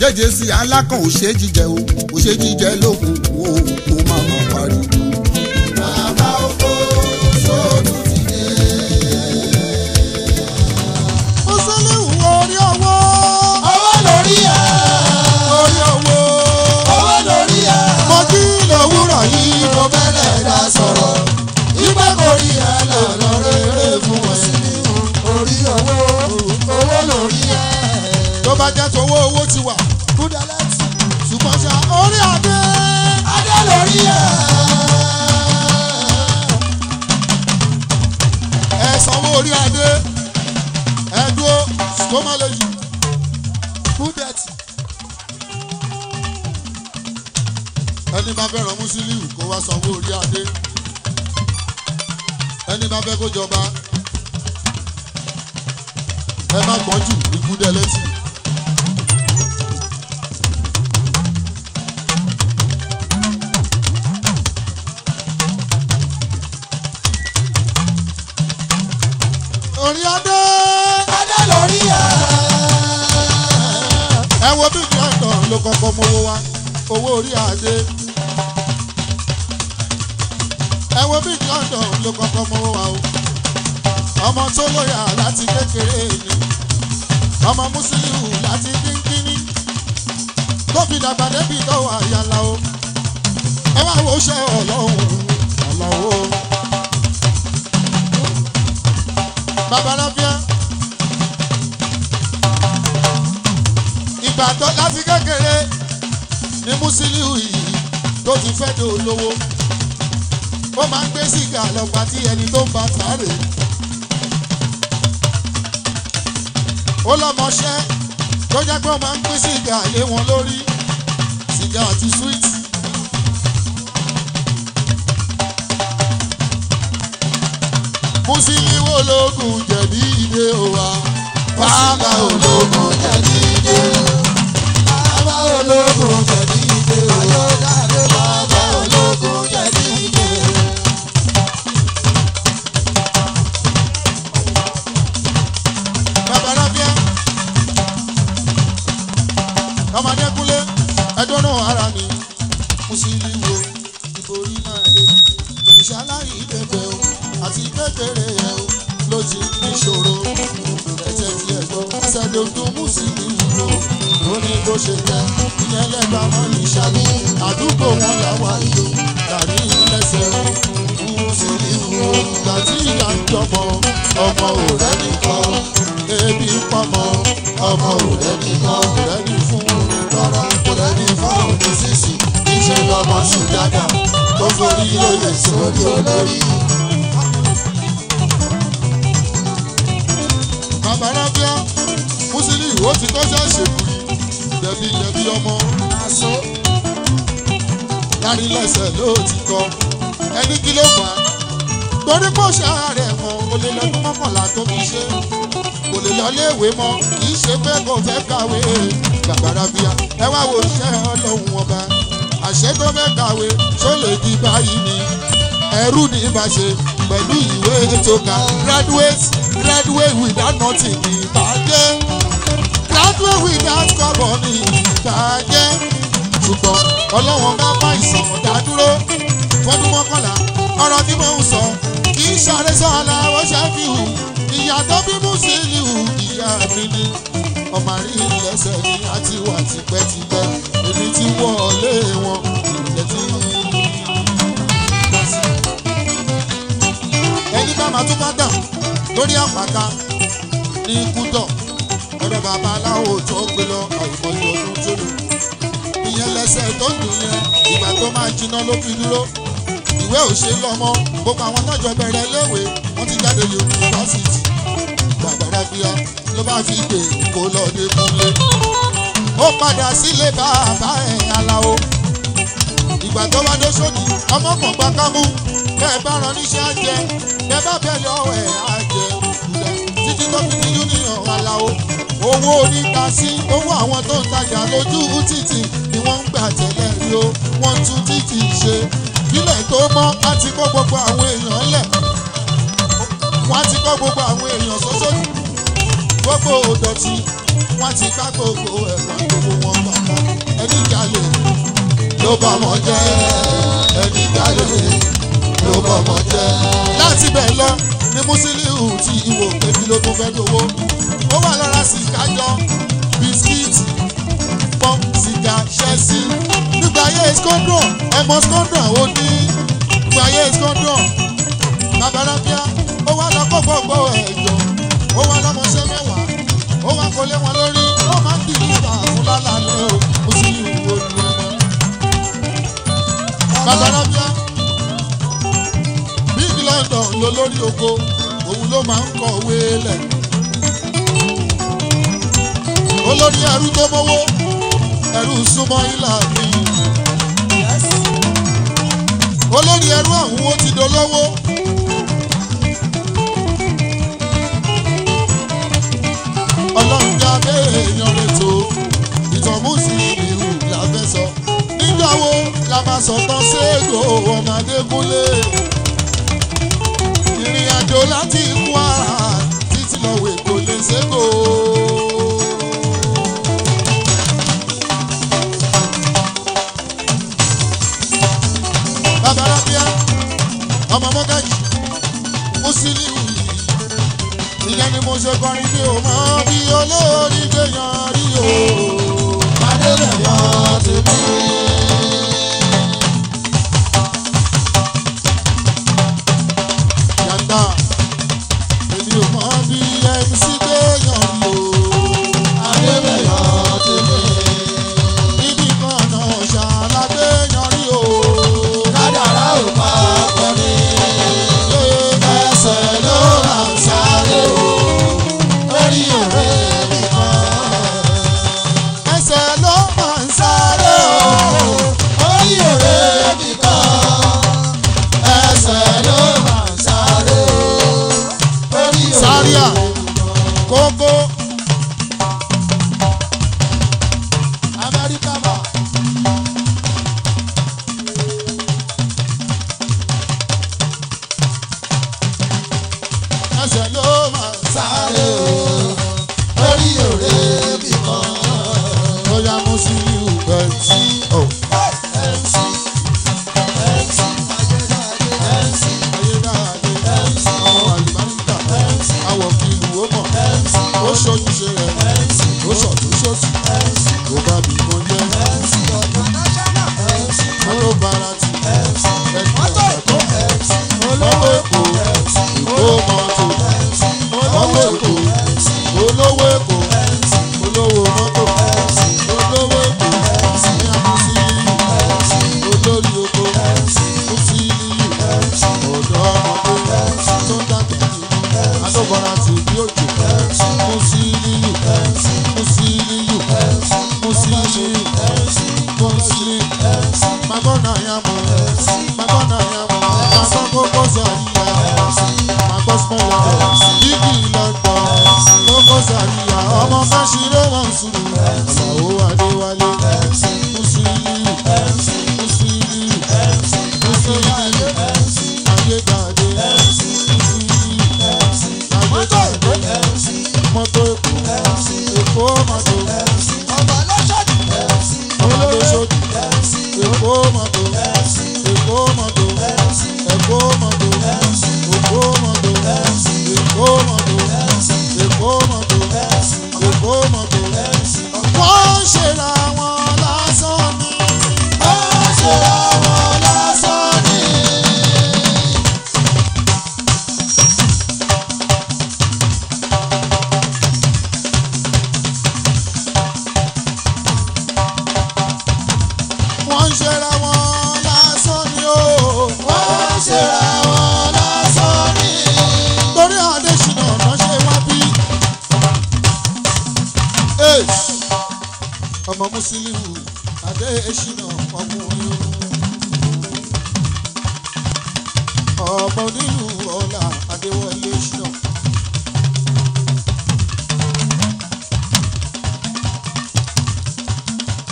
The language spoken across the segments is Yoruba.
jẹ́jẹ́ sí alákàn ò ṣe jíjẹ o ò ṣe jíjẹ lókun o kò má má pariwo. orí adé ẹ̀dúró skomalẹ́yì kúdẹ̀tì. ẹni bá fẹ́ràn Musiliu kó wá sanwó orí adé ẹni bá fẹ́ kó jọba ẹ má gbọ́n jù ikú dẹ́ létí. lórí adé. adé lórí ẹ. ẹ wo bí tíráǹtọ̀ ló kọ́kọ́ mowó wá owó orí adé. ẹ wo bí tíráǹtọ̀ ló kọ́kọ́ mowó wá o. ọmọ tó lóyà láti kékeré ni ọmọ mùsùlùmí láti kínkínní tó fi dàgbà débi tó wà yàrá o. ẹ wá wo ṣe ọlọ́run ọlọ́run. babaláfíà. ìgbà tó láti kékeré ni Musiliu yìí tó ti fẹ́ di olówó ó máa ń gbé sìgá lọ́gbà tí ẹni tó ń bá tàárẹ̀. ó lọ́mọṣẹ́ tó jẹ́ pé ó máa ń gbé sìgá lé wọn lórí sìgá àti súwìtì. Musi ológun jẹ̀bi ìdè òwa. Bàbá ológun jẹ̀bi ìdè òwa. Bàbá ológun jẹ̀bi ìdè kékeré yẹn o ló ti níṣòro ẹsẹ̀ tí ẹ gbọ́ sẹ́dọ̀ tó mú sí ìṣòro ó ní bó ṣe jẹ́ ìyẹn lẹ́bàá mọ́ ní ṣáàbí àdúgbò wọn làwà ìlú tàbí ìlẹ́sẹ̀ mú sí ìwò ìgbà ìyá ń ọmọ ò rẹ́ni ebi pọmọ ọmọ ò rẹ́ni kan kò fún rárá kò rẹ́ni fáwọn ní sísì lọ́mọ ṣùgbọ́n tó forí lóye sórí olórí. ó ti kọ́ ṣọ́ọ̀ṣì èkúrí jẹ̀bi jẹ̀bi ọmọ aṣọ lárí ló ti kọ́ ẹni kí ló fà á torí pọ̀ ṣàárẹ̀ mọ́ kò lè lọ́dún mọ́kànlá tó fi ṣe kò lè lọ́léèwé mọ́ kì í ṣe pé kò fẹ́ kàwé gbàgbára bíà ẹ wá wo iṣẹ́ ọlọ́run ọba àṣẹ tó fẹ́ kàwé ṣó lè di báyìí ni ẹrú ní ìbáṣe pẹ̀lú ìwé tó kà graduate graduate without nothing ni play without cover ní ìbàjẹ́ ṣùgbọ́n ọlọ́wọ́n bá bá ìsọ̀mọ̀dá dúró fọdún mọ́kànlá ọ̀rọ̀ tí mò ń sọ kì í ṣàrẹ́ sọ aláwọ̀ ṣáfì hù ìyá bí mùsùlùmí hù ìyá mi ni ọmọ àríyìn lẹ́sẹ̀ ni a ti wà tipẹ́tipẹ́ èmi ti wọlé wọn ẹni bá máa tún bá dà lórí àpáta ní kúdọ̀ ọ̀dọ̀ babaláwo tó gbé lọ àwòkọ́ tó tún tó lò. ìyẹn lẹsẹ̀ tó dùn yẹn ìgbà tó máa jiná ló fi dúró. ìwé ò ṣe lọ́mọ gbogbo àwọn tọ́jọ́ bẹ̀rẹ̀ léwe wọ́n ti jáde yunifásitì. gbàgbára bíyà ló bá fi gbè kó lọ dé kúnlé. ó padà sílé bàbá ẹ̀ aláwo. ìgbà tó bá dé sódì ọmọ kan gbá kámú bá rán níṣẹ́ àjẹ bẹ́ẹ̀ bá bẹ́ẹ̀ lọ́wọ́ àjẹ títí owó orí taxi owó àwọn tó ń tajà lójú títì ni wọ́n ń gbà tẹ́lẹ̀ rí o wọ́n tún títì ṣe ìpínlẹ̀ tó mọ́ á ti kó gbogbo àwọn èèyàn lẹ̀ wọ́n ti kó gbogbo àwọn èèyàn sọ́sọ́ gbogbo òdọ̀tí wọ́n á ti ká gbogbo ẹ̀wọ̀n gbogbo wọn bàbá ẹni jalè ló bá mọ̀ jẹ́ ẹni jalè ló bá mọ̀ jẹ́. láti bẹ̀ lọ. Musiliu ti ìwò èmi ló tún fẹ́ dowó ó wà lọ́ra sí kájọ bisikíìtì pọ́n sìgá ṣẹ́sí nígbà ayé skondron ẹ̀gbọ́n skondron ó ní nígbà ayé skondron babalá ló máa ń kọ̀wé lẹ̀. olórí ẹrú tó mówó ẹrú súnmọ́ ilà mi. olórí ẹrú àwọn ó ti dolówó. ọlọ́run já bẹ́ẹ̀ yan lẹ́tọ́ ìtọ́mú sí ìlú làbẹ́sọ nígbà wo la máa sọ̀tàn ségo ọmọdé kúnlé ìrìn àjò láti Kwara títí lọ wẹ̀ kò lè ṣègò. bàbá rábíà ọmọ mọ́gájì Musiliu yìí ìyẹn ni mo ṣe kọrin pé o máa bí olórí gbẹ̀yàn rí o. adélẹ̀yàn ti bí. 나 어. mama. ọmọ Musiliu adé eṣinà ọkùnrin ọmọ onílù ọlá adéwọlé eṣinà.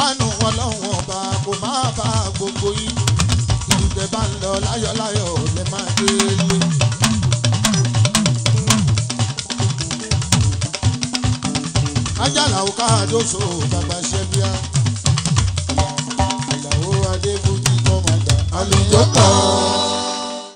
àánú ọlọ́run ọba kò má bá gbogbo yín ìdìbẹ̀ bá ń lọ láyọ̀láyọ̀. ìyàwó káàdóso bàbá ṣẹ́bíà. ìyàwó adébútú tọ́mọ̀dá alùjọ́pọ̀.